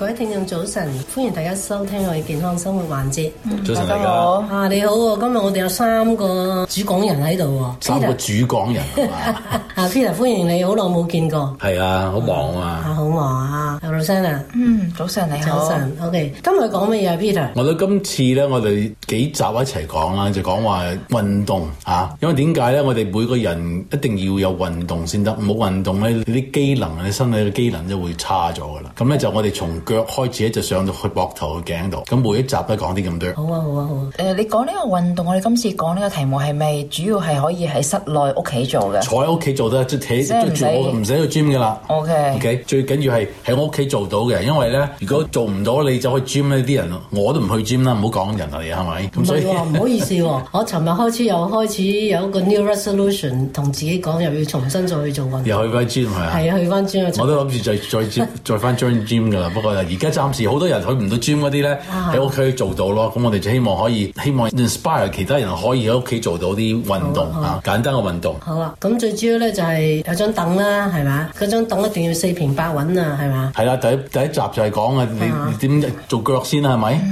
各位聽眾早晨，歡迎大家收聽我哋健康生活環節。嗯、早晨安，大家好。啊，你好，今日我哋有三個主講人喺度。Peter? 三個主講人 Peter 歡迎你，好耐冇見過。係 啊，啊，啊，好忙啊。好忙啊，嗯，早晨，你好，早晨。OK，今日講乜嘢啊，Peter？我哋今次咧，我哋幾集一齊講啦，就講話運動啊。因為點解咧，我哋每個人一定要有運動先得，冇運動咧，你啲機能，你身體嘅機能就會差咗噶啦。咁咧就我哋從腳開始咧就上到去膊頭、嘅頸度，咁每一集都講啲咁多。好啊，好啊，好啊。誒，你講呢個運動，我哋今次講呢個題目係咪主要係可以喺室內屋企做嘅？坐喺屋企做得，即係思我，使唔使去 gym 噶啦。O K，O K，最緊要係喺我屋企做到嘅，因為咧，如果做唔到，你就可以 gym 呢啲人我都唔去 gym 啦，唔好講人你係咪？咁唔係，唔、啊、好意思喎、啊， 我尋日開始又開始有一個 new resolution，同自己講又要重新再去做運動又去翻 gym 係啊，係啊，去翻 gym 我都諗住再再再翻 join gym 噶啦，不過。而家暫時好多人去唔到 gym 嗰啲咧，喺屋企做到咯。咁、啊、我哋就希望可以，希望 inspire 其他人可以喺屋企做到啲運動啊，簡單嘅運動。運動好啊，咁最主要咧就係、是、有一張凳啦，係嘛？嗰張凳一定要四平八穩啊，係嘛？係啦、啊，第一第一集就係講啊，你點做腳先啦，係咪？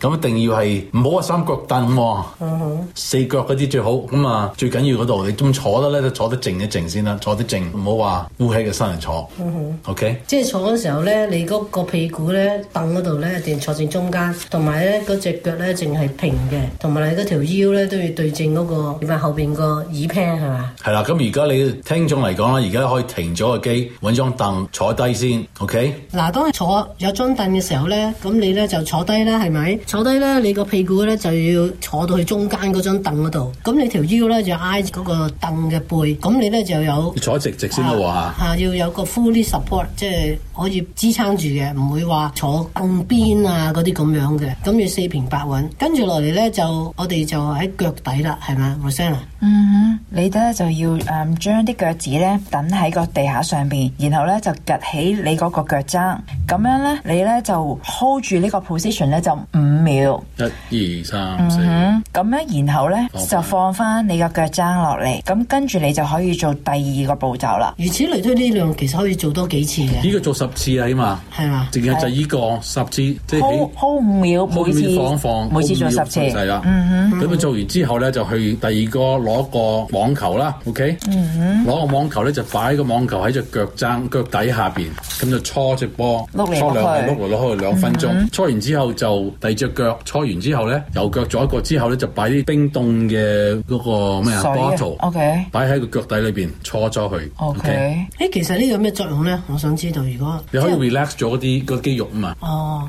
咁、啊、一定要係唔好話三腳凳喎，啊啊、四腳嗰啲最好。咁啊，最緊要嗰度你咁坐得咧咧，坐得靜一靜先啦，坐得靜，唔好話烏喺嘅身嚟坐。啊、OK，即係坐嗰時候咧，你嗰個皮屁股咧凳嗰度咧，一定坐正中間，同埋咧嗰隻腳咧，淨係平嘅，同埋你嗰條腰咧都要對正嗰個，點啊後邊個椅 pan 係嘛？係啦，咁而家你聽眾嚟講啦，而家可以停咗個機，揾張凳坐低先，OK？嗱，當你坐有張凳嘅時候咧，咁你咧就坐低啦，係咪？坐低啦，你個屁股咧就要坐到去中間嗰張凳嗰度，咁你條腰咧就要挨住嗰個凳嘅背，咁你咧就有坐直直先啦喎，要有個 fully support 即係。可以支撐住嘅，唔會話坐碰邊啊嗰啲咁樣嘅，咁要四平八穩。跟住落嚟呢，就我哋就喺腳底啦，係咪？冇聲啊。嗯哼，你咧就要誒將啲腳趾呢等喺個地下上邊，然後呢，就夾起你嗰個腳踭，咁樣呢，你呢，就 hold 住呢個 position 呢，就五秒。一二三。嗯哼。咁樣，然後呢，就放翻你個腳踭落嚟，咁跟住你就可以做第二個步驟啦。如此類推呢兩其實可以做多幾次嘅。呢個做十十次啊，係嘛，淨係就依個十次，即係好好五秒，每次放一放，每次做十次，係啦，嗯哼，咁佢做完之後咧，就去第二個攞個網球啦，OK，嗯哼，攞個網球咧就擺個網球喺隻腳踭腳底下邊，咁就搓一隻波，搓兩下，搓落去兩分鐘，搓完之後就第二隻腳搓完之後咧，右腳做一個之後咧就擺啲冰凍嘅嗰個咩啊，冰球，OK，擺喺個腳底裏邊搓咗佢，OK，誒，其實呢個咩作用咧？我想知道，如果你可以 relax 咗嗰啲個肌肉啊嘛，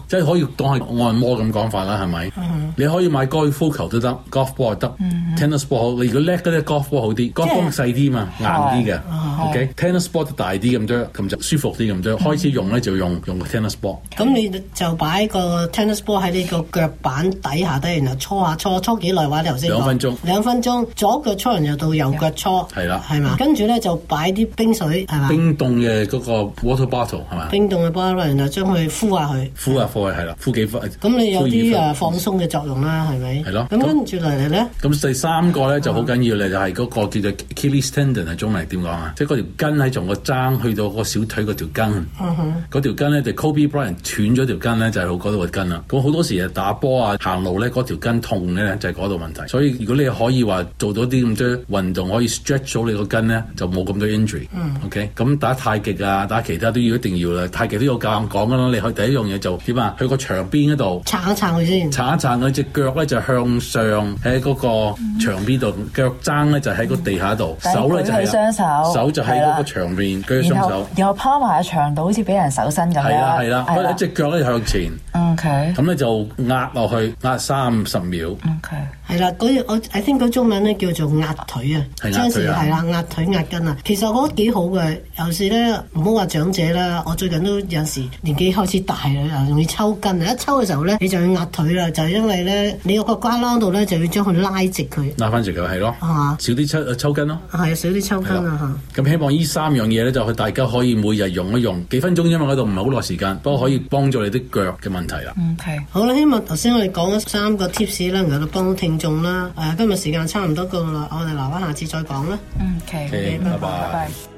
即係、哦、可以當係按摩咁講法啦，係咪？你可以買高爾夫球都得，golf ball 又得，tennis ball 好。你如果叻嗰啲 golf ball 好啲，golf ball 細啲嘛，硬啲嘅。O K，tennis ball 大啲咁多，咁就舒服啲咁多。開始用咧就用用 tennis ball。咁你就擺個 tennis ball 喺你個腳板底下底，然後搓下搓，搓幾耐話你頭先兩分鐘，兩分鐘左腳搓完又到右腳搓，係啦，係嘛？跟住咧就擺啲冰水係嘛？冰凍嘅嗰個 water bottle 係嘛？冰凍嘅 b t l ebottle 然後將佢敷下佢，敷下敷係啦，敷幾分咁你有啲誒放鬆嘅作。同啦，係咪？係咯。咁跟住落嚟咧？咁第三個咧就好緊要咧，就係嗰個叫做 Achilles tendon 啊，中嚟點講啊？即係嗰條筋，喺從個踭去到個小腿嗰條筋。嗯，嗰條筋咧就 Kobe Bryant 斷咗條筋咧，就係嗰度嘅筋啦。咁好多時啊打波啊、行路咧，嗰條筋痛咧就係嗰度問題。所以如果你可以話做到啲咁多運動，可以 stretch 到你個筋咧，就冇咁多 injury。OK。咁打太極啊，打其他都要一定要啦。太極都要教我講噶啦。你去第一樣嘢就點啊？去個牆邊嗰度撐一撐佢先。撐一撐佢。隻腳咧就向上喺嗰個牆邊度，嗯、腳踭咧就喺個地下度，嗯、手咧呢就手，手就喺嗰個牆邊了舉雙手，然後又趴埋喺牆度，好似俾人手伸咁。係啦係啦，咁咧隻腳咧向前，OK，咁咧就壓落去壓三十秒，OK。係啦，嗰啲我，I think 嗰中文咧叫做壓腿啊，嗰陣時係啦，壓腿壓筋啊。其實我覺得幾好嘅，尤其咧唔好話長者啦，我最近都有時年紀開始大啦，啊容易抽筋，一抽嘅時候咧，你就要壓腿啦，就係、是、因為咧你個關攏度咧就要將佢拉直佢，拉翻直佢係咯，啊、少啲抽，抽筋咯，係、啊、少啲抽筋啊嚇。咁希望呢三樣嘢咧就大家可以每日用一用幾分鐘因為，嗰度唔係好耐時間，不過可以幫助你啲腳嘅問題啦。嗯，係。好啦，希望頭先我哋講咗三個 tips 咧，能夠幫到聽。中啦，誒，今日時間差唔多夠啦，我哋留翻下次再講啦。嗯，OK，拜拜、拜拜。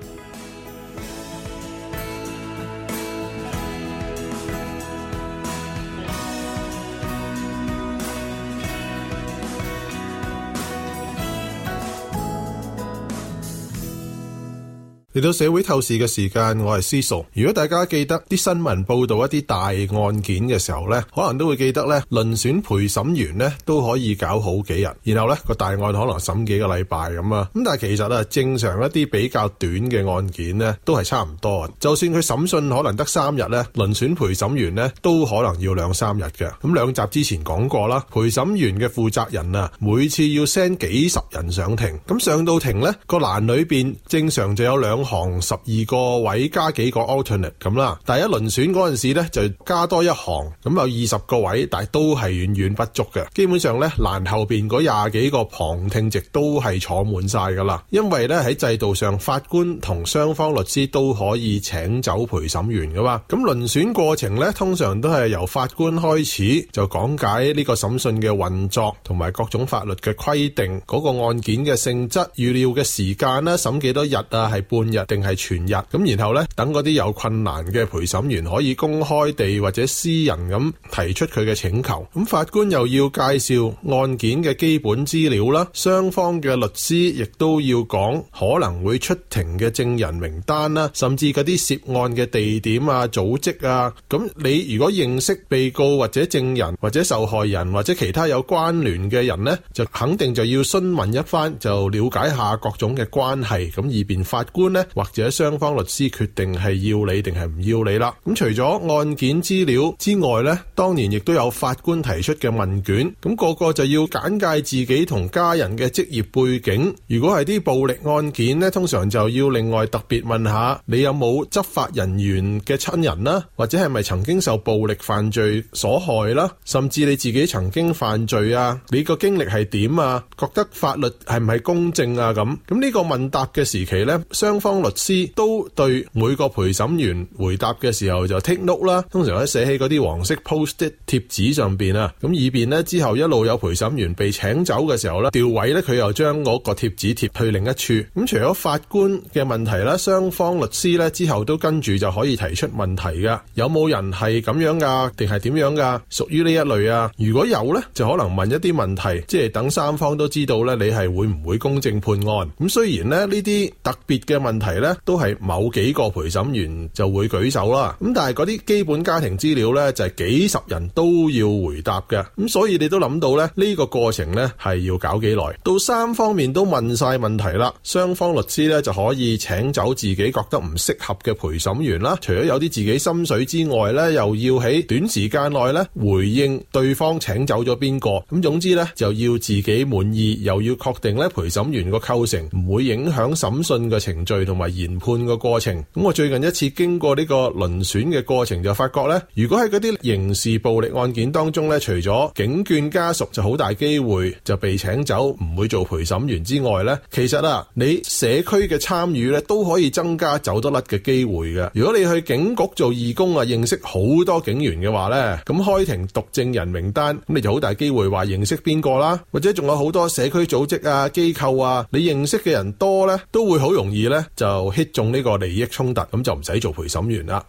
嚟到社會透視嘅時間，我係思熟。如果大家記得啲新聞報道一啲大案件嘅時候咧，可能都會記得咧，遴選陪審員咧都可以搞好幾日，然後咧個大案可能審幾個禮拜咁啊。咁但係其實啊，正常一啲比較短嘅案件咧，都係差唔多啊。就算佢審訊可能得三日咧，遴選陪審員咧都可能要兩三日嘅。咁兩集之前講過啦，陪審員嘅負責人啊，每次要 send 幾十人上庭，咁上到庭咧個欄裏邊正常就有兩。行十二個位加幾個 alternate 咁啦，第一輪選嗰陣時咧就加多一行，咁有二十個位，但係都係遠遠不足嘅。基本上咧，欄後邊嗰廿幾個旁聽席都係坐滿晒噶啦。因為咧喺制度上，法官同雙方律師都可以請走陪審員噶嘛。咁、嗯、輪選過程咧，通常都係由法官開始就講解呢個審訊嘅運作，同埋各種法律嘅規定，嗰、嗰個案件嘅性質、預料嘅時間啦，審幾多日啊，係半日定係全日咁，然後咧等嗰啲有困難嘅陪審員可以公開地或者私人咁提出佢嘅請求。咁法官又要介紹案件嘅基本資料啦，雙方嘅律師亦都要講可能會出庭嘅證人名單啦，甚至嗰啲涉案嘅地點啊、組織啊。咁你如果認識被告或者證人或者受害人或者其他有關聯嘅人咧，就肯定就要詢問一番，就了解下各種嘅關係，咁以便法官咧。或者雙方律師決定係要你定係唔要你啦。咁除咗案件資料之外呢，當然亦都有法官提出嘅問卷。咁個個就要簡介自己同家人嘅職業背景。如果係啲暴力案件呢，通常就要另外特別問下你有冇執法人員嘅親人啦，或者係咪曾經受暴力犯罪所害啦，甚至你自己曾經犯罪啊，你個經歷係點啊？覺得法律係唔係公正啊？咁咁呢個問答嘅時期呢，雙方。當律師都對每個陪審員回答嘅時候就 take note 啦，通常都寫喺嗰啲黃色 post-it 貼紙上邊啊，咁以便呢，之後一路有陪審員被請走嘅時候呢調位呢，佢又將嗰個貼紙貼去另一處。咁除咗法官嘅問題啦，雙方律師呢，之後都跟住就可以提出問題噶，有冇人係咁樣噶，定係點樣噶？屬於呢一類啊？如果有呢，就可能問一啲問題，即係等三方都知道呢，你係會唔會公正判案？咁雖然呢，呢啲特別嘅問題。題咧都係某幾個陪審員就會舉手啦，咁但係嗰啲基本家庭資料咧就係幾十人都要回答嘅。咁所以你都諗到咧呢個過程咧係要搞幾耐？到三方面都問晒問題啦，雙方律師咧就可以請走自己覺得唔適合嘅陪審員啦。除咗有啲自己心水之外咧，又要喺短時間內咧回應對方請走咗邊個，咁總之咧就要自己滿意，又要確定咧陪審員個構成唔會影響審訊嘅程序。同埋研判嘅過程，咁我最近一次經過呢個遴選嘅過程，就發覺咧，如果喺嗰啲刑事暴力案件當中咧，除咗警眷家屬就好大機會就被請走，唔會做陪審員之外咧，其實啊，你社區嘅參與咧都可以增加走得甩嘅機會嘅。如果你去警局做義工啊，認識好多警員嘅話咧，咁開庭讀證人名單，咁你就好大機會話認識邊個啦，或者仲有好多社區組織啊、機構啊，你認識嘅人多咧，都會好容易咧。就 hit 中呢個利益衝突，咁就唔使做陪審員啦。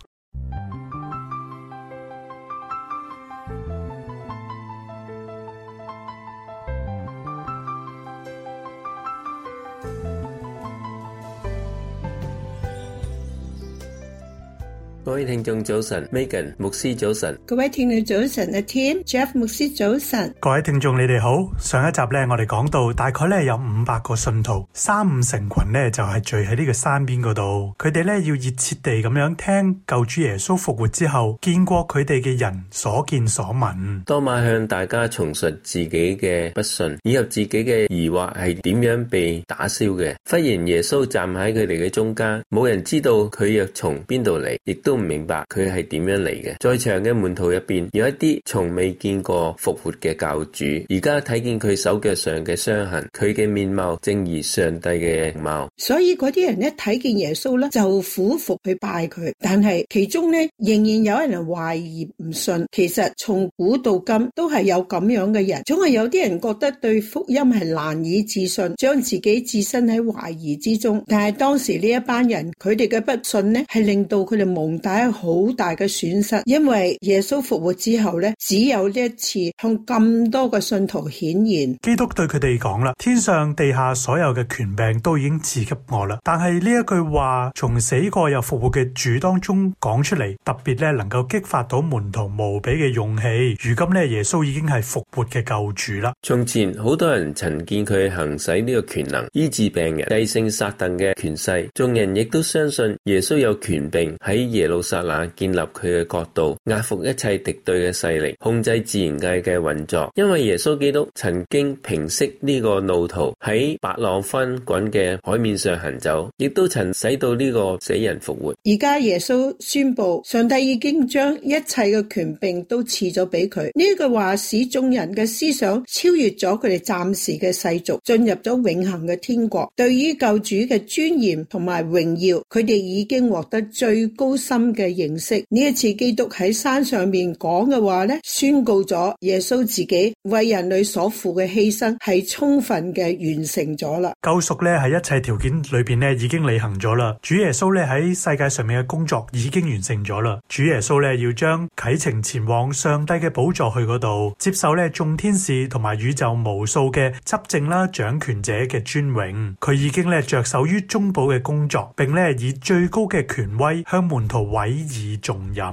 各位聽眾早晨，Megan 牧師早晨，各位聽眾早晨啊，Tim、Jeff 牧師早晨。各位聽眾你哋好，上一集咧我哋講到，大概咧有五百個信徒，三五成群咧就係聚喺呢個山邊嗰度，佢哋咧要熱切地咁樣聽救主耶穌復活之後見過佢哋嘅人所見所聞。多馬向大家重述自己嘅不信以及自己嘅疑惑係點樣被打消嘅。忽然耶穌站喺佢哋嘅中間，冇人知道佢若從邊度嚟，亦都。唔明白佢係點樣嚟嘅，在場嘅門徒入邊有一啲從未見過復活嘅教主，而家睇見佢手腳上嘅傷痕，佢嘅面貌正如上帝嘅面貌。所以嗰啲人一睇見耶穌啦，就俯伏去拜佢。但係其中呢，仍然有人懷疑唔信。其實從古到今都係有咁樣嘅人，總係有啲人覺得對福音係難以置信，將自己置身喺懷疑之中。但係當時呢一班人，佢哋嘅不信呢，係令到佢哋蒙大好大嘅損失，因為耶穌復活之後咧，只有呢一次向咁多嘅信徒顯現。基督對佢哋講啦，天上地下所有嘅權柄都已經賜給我啦。但係呢一句話從死過又復活嘅主當中講出嚟，特別咧能夠激發到門徒無比嘅勇氣。如今咧耶穌已經係復活嘅救主啦。從前好多人曾見佢行使呢個權能醫治病人、戰勝撒旦嘅權勢，眾人亦都相信耶穌有權柄喺耶。路撒冷建立佢嘅國度，壓服一切敵對嘅勢力，控制自然界嘅運作。因為耶穌基督曾經平息呢個怒濤，喺白浪翻滾嘅海面上行走，亦都曾使到呢個死人復活。而家耶穌宣布，上帝已經將一切嘅權柄都賜咗俾佢。呢句話使眾人嘅思想超越咗佢哋暫時嘅世俗，進入咗永恆嘅天國。對於救主嘅尊嚴同埋榮耀，佢哋已經獲得最高深。嘅形式，呢一次基督喺山上面講嘅話咧，宣告咗耶穌自己為人類所負嘅犧牲係充分嘅完成咗啦。救贖咧喺一切條件裏邊咧已經履行咗啦。主耶穌咧喺世界上面嘅工作已經完成咗啦。主耶穌咧要將啟程前往上帝嘅寶座，去嗰度接受咧眾天使同埋宇宙無數嘅執政啦掌權者嘅尊榮。佢已經咧着手於中保嘅工作，並咧以最高嘅權威向門徒委以重任。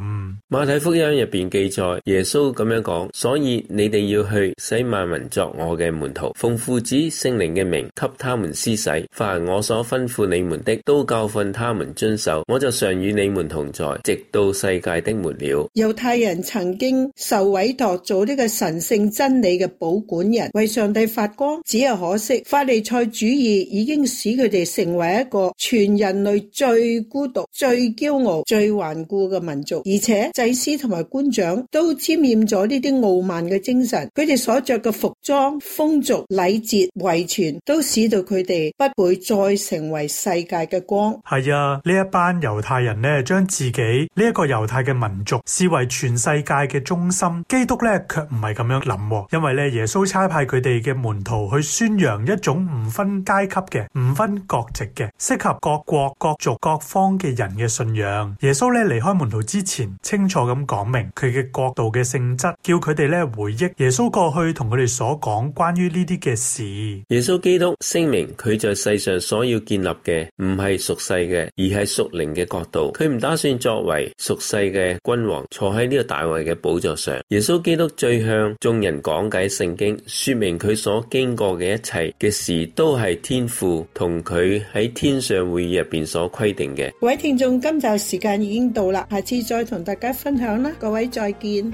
馬太福音入邊記載，耶穌咁樣講所以你哋要去使萬民作我嘅門徒，奉父子聖靈嘅名，給他們施洗。凡我所吩咐你們的，都教訓他們遵守。我就常與你們同在，直到世界的末了。猶太人曾經受委託做呢個神聖真理嘅保管人，為上帝發光。只係可惜，法利賽主義已經使佢哋成為一個全人類最孤獨、最驕傲、最頑固嘅民族，而且祭司同埋官長都沾染咗呢啲傲慢嘅精神。佢哋所着嘅服裝、風俗、禮節、遺傳，都使到佢哋不會再成為世界嘅光。係啊，呢一班猶太人呢，將自己呢一個猶太嘅民族視為全世界嘅中心。基督呢，卻唔係咁樣諗喎，因為呢，耶穌差派佢哋嘅門徒去宣揚一種唔分階級嘅、唔分國籍嘅、適合各國各族各方嘅人嘅信仰。耶穌喺離開門徒之前，清楚咁講明佢嘅國度嘅性質，叫佢哋咧回憶耶穌過去同佢哋所講關於呢啲嘅事。耶穌基督聲明佢在世上所要建立嘅唔係屬世嘅，而係屬靈嘅國度。佢唔打算作為屬世嘅君王坐喺呢個大衛嘅寶座上。耶穌基督最向眾人講解聖經，說明佢所經過嘅一切嘅事都係天父同佢喺天上會議入邊所規定嘅。各位聽眾，今集時間。已經到啦，下次再同大家分享啦，各位，再見。